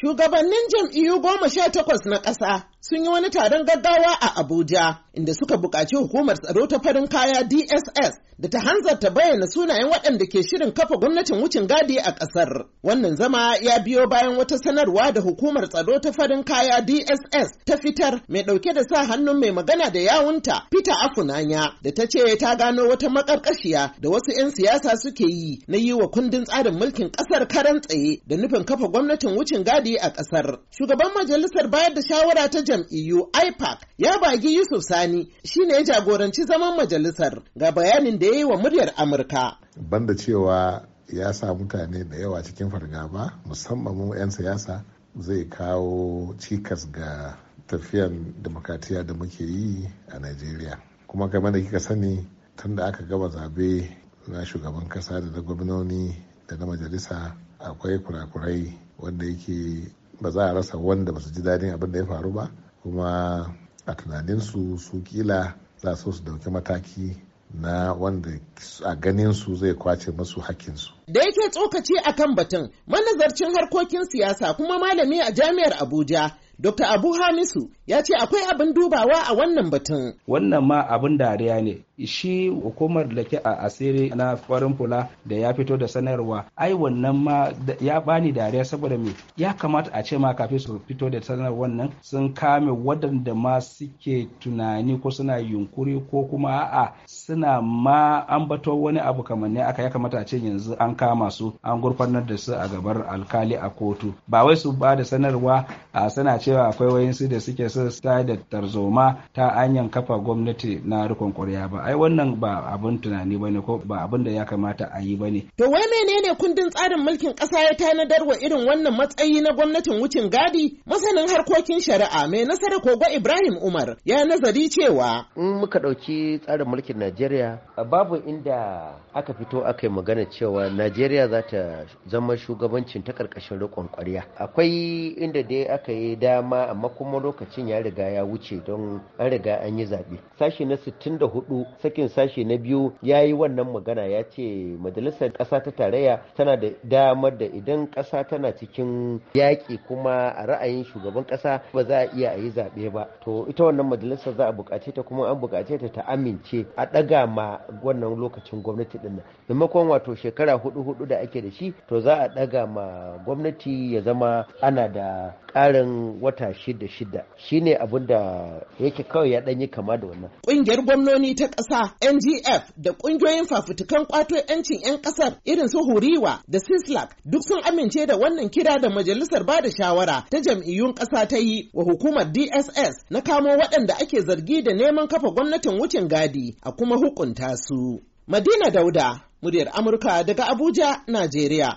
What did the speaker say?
Shugabannin jam'iyyu goma sha takwas na ƙasa sun yi wani taron gaggawa a Abuja inda suka buƙaci hukumar tsaro ta farin kaya DSS da ta hanzarta bayyana sunayen waɗanda ke shirin kafa gwamnatin wucin gadi a ƙasar. Wannan zama ya biyo bayan wata sanarwa da hukumar tsaro ta farin kaya DSS ta fitar mai ɗauke da sa hannun mai magana da yawunta Peter Afunanya da ta ce ta gano wata maƙarƙashiya da wasu 'yan siyasa suke yi na yi wa kundin tsarin mulkin ƙasar karan tsaye da nufin kafa gwamnatin wucin gadi a ƙasar. Shugaban majalisar bayar da shawara ta jam'iyyu IPAC ya bagi Yusuf Sani shine ya jagoranci zaman majalisar ga bayanin da ya yi wa muryar Amurka. Banda cewa ya sa mutane da yawa cikin fargaba musamman mu 'yan siyasa zai kawo cikas ga tafiyan demokratiya da muke yi a Najeriya. Kuma kamar da kika sani tun da aka gaba zabe na shugaban kasa da na gwamnoni da na majalisa akwai kurakurai wanda yake ba za a rasa wanda ba su ji daɗin abin da ya faru ba kuma a tunaninsu su kila za su su dauki mataki na wanda a ganin su zai kwace masu su. Da yake tsokaci a kan batun manazarcin harkokin siyasa kuma malami a jami'ar Abuja Dr. Abu Hamisu ya ce akwai abin dubawa a wannan batun. Wannan ma abin dariya ne shi hukumar da ke a asiri na farin fula da ya fito da sanarwa ai wannan ma ya bani dariya saboda me ya kamata a ce ma kafin su fito da sanarwar nan sun kame waɗanda ma suke tunani ko suna yunkuri ko kuma a'a suna ma ambato wani abu kamar ne aka ya kamata a ce yanzu an kama su an gurfanar da su a gabar alkali a kotu ba wai su ba da sanarwa a sana cewa akwai wayansu da suke su da tarzoma ta anyan kafa gwamnati na rikon ƙwarya ba ai wannan ba abin tunani ba ne ko ba abin da ya kamata a yi ba ne. To wai menene kundin tsarin mulkin ƙasa ya tanadar wa irin wannan matsayi na gwamnatin wucin gadi? Masanin harkokin shari'a mai nasara kogo Ibrahim Umar ya nazari cewa. In muka ɗauki tsarin mulkin Najeriya babu inda aka fito aka yi magana cewa Najeriya za ta zama shugabancin ta ƙarƙashin riƙon ƙwarya. Akwai inda dai aka yi dama amma kuma lokacin ya riga ya wuce don an riga an yi zaɓe. Sashi na sittin da 64 sakin sashe na biyu ya yi wannan magana ya ce majalisar ƙasa ta tarayya tana da damar da idan ƙasa tana cikin yaƙi kuma a ra'ayin shugaban ƙasa ba za a iya a yi zaɓe ba to ita wannan majalisar za a buƙace ta kuma an buƙace ta ta amince a ɗaga ma wannan lokacin gwamnati ɗin maimakon wato shekara hudu hudu da ake da shi to za a ɗaga ma gwamnati ya zama ana da ƙarin wata shida shida shine abin da yake kawai ya danyi kama da wannan. Ƙungiyar gwamnoni ta ƙasa NGF da ƙungiyoyin fafutukan ƙwato 'yancin 'yan ƙasar irin su Huriwa da Sislak duk sun amince da wannan kira da majalisar ba da shawara ta jam'iyyun ƙasa ta yi wa hukumar DSS na kamo waɗanda ake zargi da neman kafa gwamnatin wucin gadi a kuma hukunta su. Madina Dauda, muryar Amurka daga Abuja, Najeriya.